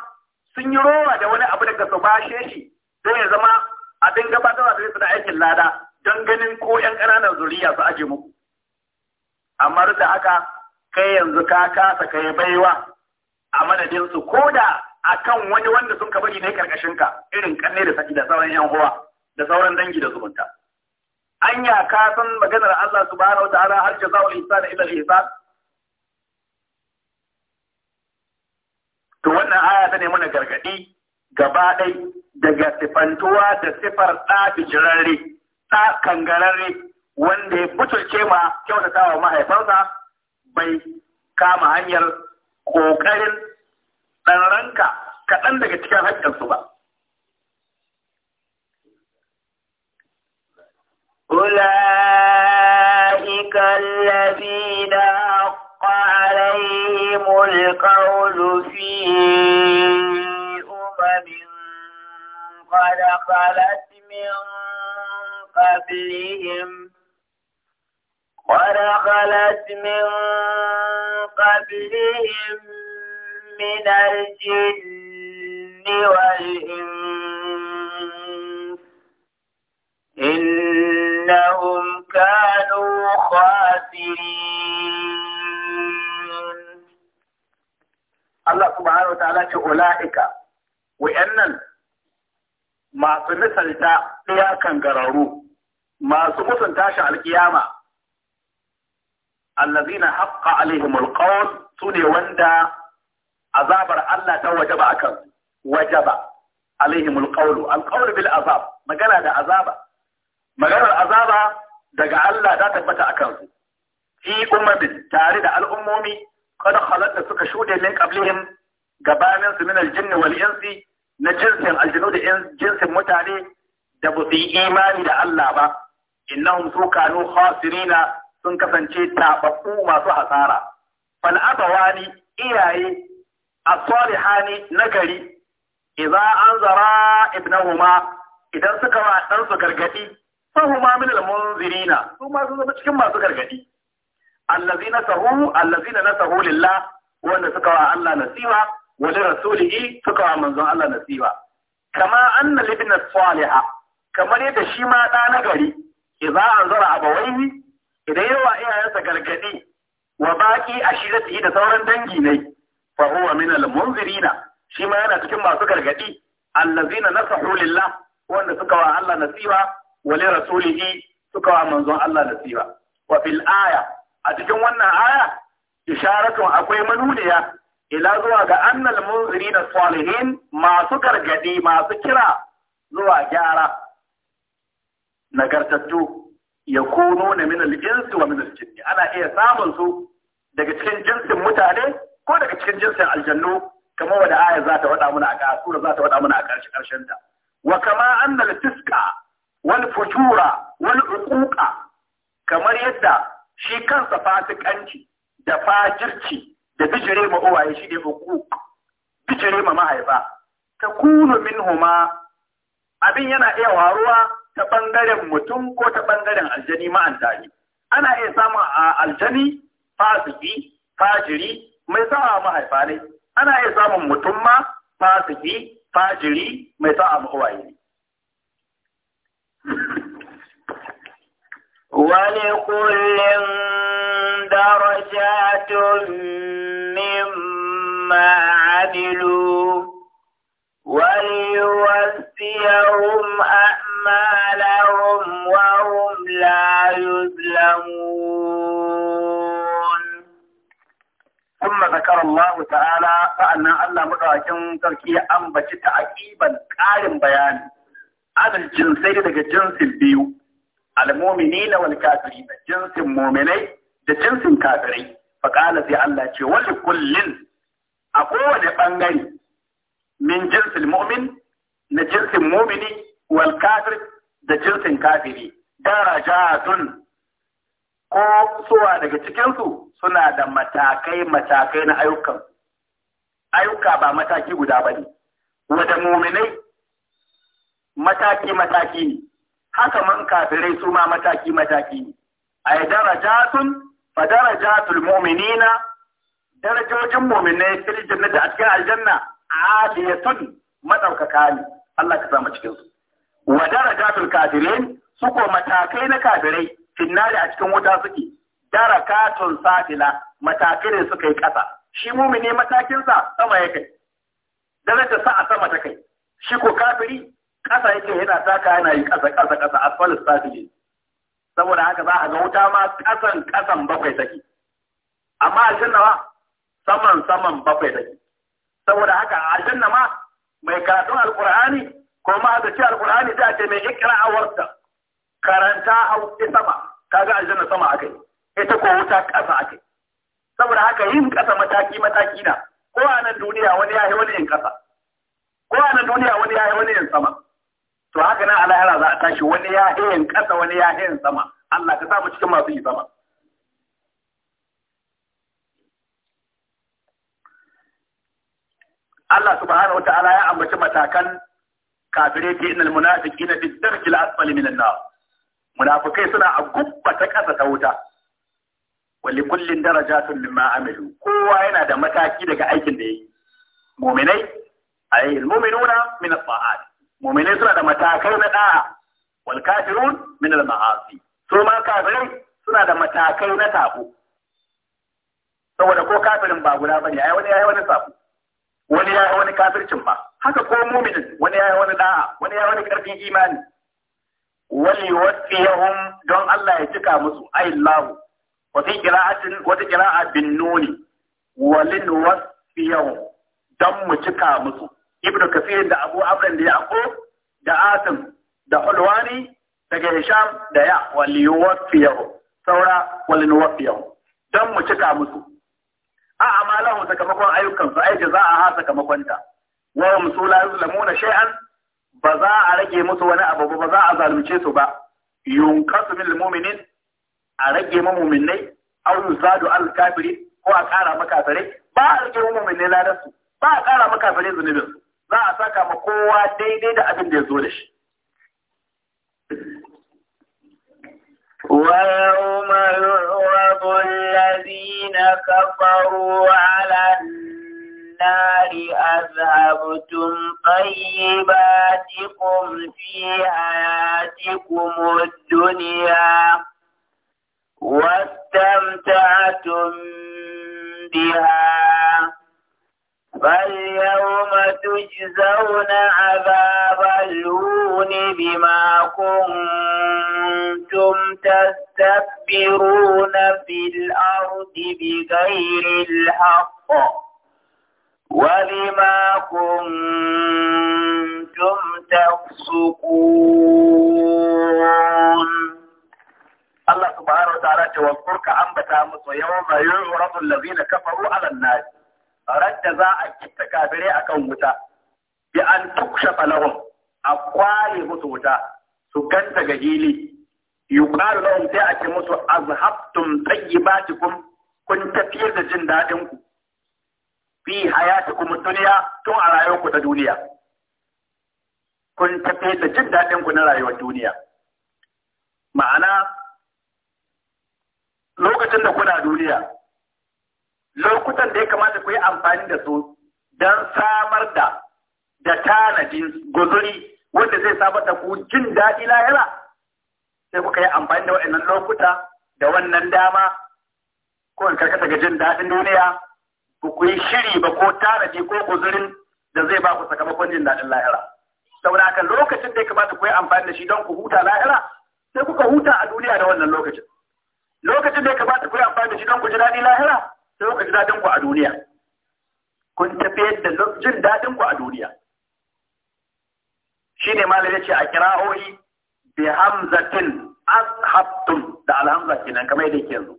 sun yi rowa da wani abu daga su bashe shi sai ya zama abin gabatar da su da aikin lada don ganin ko yan ƙananan zuriya su aje muku amma da haka kai yanzu ka kasa kai baiwa a madadin ko da akan wani wanda sun ka bari ne karkashin ka irin kanne da saki da sauran yan uwa da sauran dangi da zumunta anya ka san maganar Allah subhanahu wa ta'ala har jazaa'ul ihsan ila al to wannan aya ta ne mana gargadi gaba ɗaya daga sifantuwa da sifar ɗa bijirarre ɗa kangararre wanda ya butulce ma kyautata wa mahaifansa bai kama hanyar ƙoƙarin ɗanranka kaɗan daga cikin haƙƙinsu ba. أولئك الذين حق عليهم القول قد خلت من قبلهم قد خلت من قبلهم من الجن والإنس إنهم كانوا خاسرين الله سبحانه وتعالى أولئك وإنن masu misalta iyakan gararu masu mutunta shi alkiyama allazina haqqa alaihim alqawl ne wanda azabar Allah ta wajaba akan wajaba alaihim alqawlu alqawlu bil azab magana da azaba maganar azaba daga Allah ta tabbata akan su fi ummatin tare da al'ummomi kada halar da suka shuɗe min qablihim gabanin su min aljinni wal insi na jinsin aljinu da jinsin mutane da ba su yi imani da Allah ba innahum su kanu khasirina sun kasance taɓaɓɓu masu hasara fal abawani iyaye as-salihani nagari an zara ibnahuma idan suka wa ɗansu gargaɗi gargadi fahuma min munzirina su ma sun zama cikin masu gargadi allazina sahu allazina sahu lillah wanda suka wa Allah nasiha Wali rasulihi suka wa manzon Allah nasiha kama anna ibn salih kamar yadda shi ma da na gari idza anzara abawaihi idan yawa iyayensa gargadi wa baki ashiratihi da sauran dangi ne fa huwa min al munzirina shi ma yana cikin masu gargadi allazina nasahu lillah wanda suka wa Allah nasiha wa li rasulihi suka wa manzon Allah nasiha wa fil aya a cikin wannan aya isharatun akwai manuniya ila zuwa ga annal munziri da salihin masu gargadi masu kira zuwa gyara nagartattu ya kono na min aljinsi wa min aljinni ana iya samun su daga cikin jinsin mutane ko daga cikin jinsin aljannu kamar wadda aya za ta wada muna a sura za ta wada muna a karshe karshen ta wa kama annal fiska wal fujura wal uquqa kamar yadda shi kansa fasikanci da fajirci da bijire ma owaye shi ne uku bijire ma mahaifa ta kunu min huma abin yana iya waruwa ta bangaren mutum ko ta bangaren aljani ma'an tare ana iya samun a aljani fasiki fajiri mai sa'a mahaifa ne ana iya samun mutum ma fasiki fajiri mai sa'a ma uwaye ne ولكل درجات مما عملوا وليوفيهم أعمالهم وهم لا يظلمون ثم ذكر الله تعالى فأن الله مدعكم تركيا أنبت تعقيبا قال بيان عن الجنسين daga jinsin biyu almu'minina wal da jinsin mu'minai da jinsin kafirai fa qala sai Allah ce wal kullin a kowane bangare min jinsin mu'min na jinsin mu'mini wal kafir da jinsin kafiri darajatun ko suwa daga cikinsu suna da matakai-matakai na ayyukan. Ayyuka ba mataki guda bane ne, da muminai mataki-mataki ne, haka man kafirai su ma mataki mataki ne ay darajatun fa darajatul mu'minina darajojin mu'minai fil jannati a cikin aljanna aliyatun madaukaka ne Allah ka samu cikin su wa darajatul kafirin su ko matakai na kafirai finnari a cikin wuta suke darakatun safila matakai ne suka yi kasa shi mumini matakinsa sama ya kai darajar sa a sama ta kai shi ko kafiri ƙasa yake yana taka yana yi ƙasa ƙasa ƙasa asfal safili saboda haka za a ga wuta ma ƙasan ƙasan bakwai take amma a jinna ma saman saman bakwai take saboda haka a jinna ma mai karatun alqur'ani ko ma ga ci alqur'ani da ce mai ikra'a warta karanta hau sama kaga jinna sama akai ita ko wuta ƙasa akai saboda haka yin ƙasa mataki mataki na ko a nan duniya wani ya yi wani yin ƙasa ko a nan duniya wani ya yi wani yin sama to haka nan alahira za a tashi wani ya hayin ƙasa wani ya hayin sama Allah ka samu cikin masu yi sama Allah subhanahu wataala ya ambaci matakan kafirai fi innal munafiqina fi ddarkil asfali minan nar munafikai suna a gubba ta ƙasa ta wuta wali kullin darajatun mimma amilu kowa yana da mataki daga aikin da yayi mu'minai ayyul mu'minuna min as-sa'at mu'minai suna da matakai na da'a wal kafirun min al ma'asi su ma kafirai suna da matakai na sabo saboda ko kafirin ba guda bane ai wani yayi wani sabo wani yayi wani kafircin ba haka ko mu'minin wani yayi wani da'a wani yayi wani karfin imani wali wasfiyahum don Allah ya cika musu ai Allah wa fi qira'atin wa qira'a bin nuni walin wasfiyahum dan mu cika musu ibn kafir da abu abdan da yaqub da asim da hulwani daga hisham da ya waliyuwaffiyahu saura waliyuwaffiyahu dan mu cika musu a amalahu sakamakon ayyukan su ai jaza'a sakamakon ta wa hum sula yuzlamuna shay'an ba za a rage musu wani abu ba za a zalunce su ba yunqasu min mu'minin a rage ma mu'minai aw yuzadu al kafiri ko a kara makafirai ba a rage mu mu'minai ladarsu ba a kara makafirai su. za a saka ma kowa daidai da abin da ya zo da shi ويوم يعرض الذين كفروا على النار أذهبتم طيباتكم في تجزون عذاب الهون بما كنتم تستكبرون في الأرض بغير الحق وبما كنتم تفسقون الله سبحانه وتعالى توفرك عن بتامس ويوم يعرض الذين كفروا على الناس رد ذا أكيد تكابري أكون متأ bi an tukusha lahum a kwale musu wuta su ganta ga hili yuqalu lahum sai a ce musu azhabtum tayyibatikum kun tafiyar da jin daɗin ku fi hayatikum dunya tun a rayuwarku ta duniya kun tafiyar da jin daɗin ku na rayuwar duniya ma'ana lokacin da kuna duniya lokutan da ya kamata ku yi amfani da su don samar da da tanadin guzuri wanda zai sabar da ku jin daɗi lahira sai kuka yi amfani da waɗannan lokuta da wannan dama ko in karkata ga jin daɗin duniya ku kuyi shiri ba ko tanadi ko guzurin da zai ba ku sakamakon jin daɗin lahira saboda haka lokacin da ya kamata ku yi amfani da shi don ku huta lahira sai kuka huta a duniya da wannan lokacin lokacin da ya kamata ku yi amfani da shi don ku ji daɗi lahira sai kuka ji daɗin ku a duniya kun tafi yadda jin daɗin ku a duniya shine malam yace a kira'o'i bi hamzatin ashabtum da alhamza kenan kamar yadda yake yanzu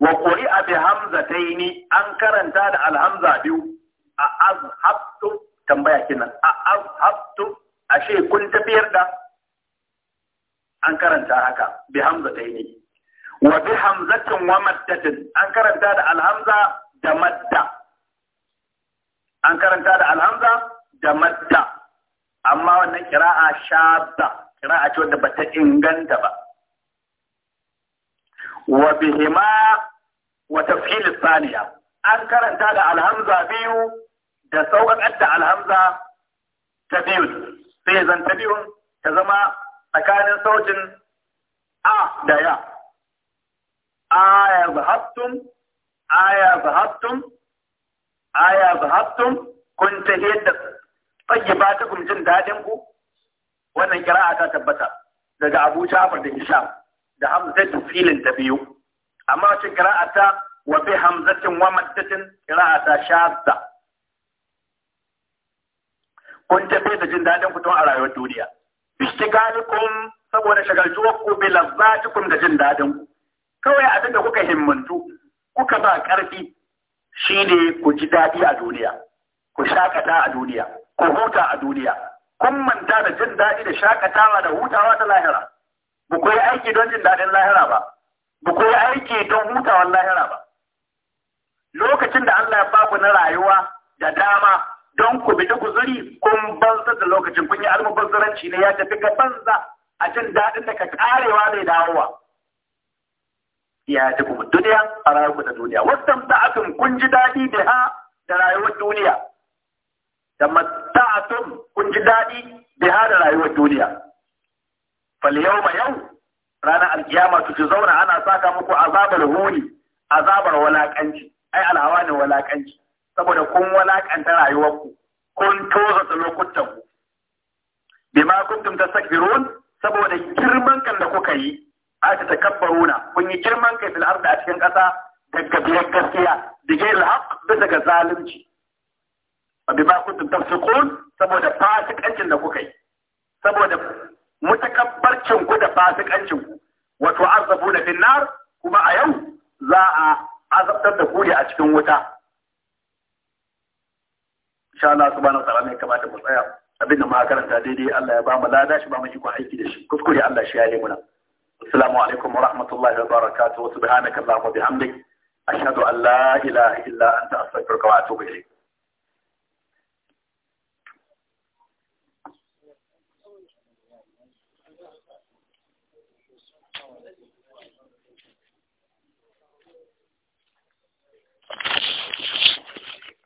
wa quri'a bi hamzataini an karanta da alhamza biyu a azhabtum tambaya kenan a azhabtum ashe kun tafiyar da an karanta haka bi hamzataini wa bi hamzatin wa maddatin an karanta da alhamza da madda an karanta da alhamza da madda amma wannan kira'a shabba kira'a ce wanda bata inganta ba wa bihima wa tafhil thaniya an karanta da alhamza biyu da sauƙaƙar da alhamza ta biyu sai zan ta biyun ta zama tsakanin sautin a da ya aya zahabtum aya zahabtum aya zahabtum kun ta yadda tayyibatukum jin daɗin ku wannan kira'a ta tabbata daga Abu Ja'far da isha da hamzatin filin ta biyu amma wacce kira'a ta wa bi hamzatin wa maddatin kira'a ta shadda kun tafi da jin daɗin ku tun a rayuwar duniya bishtigalikum saboda ku bi lazzatikum da jin daɗin ku kawai abin da kuka himmantu kuka ba karfi shine ku ji daɗi a duniya ku shakata a duniya ku huta a duniya kun manta da jin daɗi da shakatawa da hutawa ta lahira ba ku yi aiki don jin daɗin lahira ba ba ku yi aiki don hutawan lahira ba lokacin da Allah ya ba ku na rayuwa da dama don ku bi guzuri kun banza da lokacin kun yi almubazzaranci ne ya tafi ga banza a jin daɗin da ka karewa mai dawowa ya tafi duniya a rayuwar da duniya wasan da kun ji daɗi da ha da rayuwar duniya Da tamatta'atum kun ji daɗi bi hada rayuwar duniya fal yawma yau ranar alƙiyama, su zauna ana saka muku azabar huni azabar walakanci ai alhawa ne walakanci saboda kun walakanta rayuwarku kun su lokutan ku bima kuntum tastakbirun saboda girman kan da kuka yi a ta takabbaruna kun yi girman kai fil ardi a cikin ƙasa daga biyar gaskiya dige al-haq bisa ga zalunci bima kuntum tafsiqun saboda fasikancin da kuka yi saboda mutakabbarcin ku da fasikancin ku wa tu'azzabuna bin nar kuma a yau za a azabtar da ku a cikin wuta insha Allah subhanahu wa ta'ala ne kamata mu tsaya abin da ma karanta daidai Allah ya ba mu lada shi ba mu iko aiki da shi kuskure Allah shi ya yi muna assalamu alaikum wa rahmatullahi wa barakatuh wa subhanaka allahumma bihamdik ashhadu an la ilaha illa anta astaghfiruka wa atubu ilayk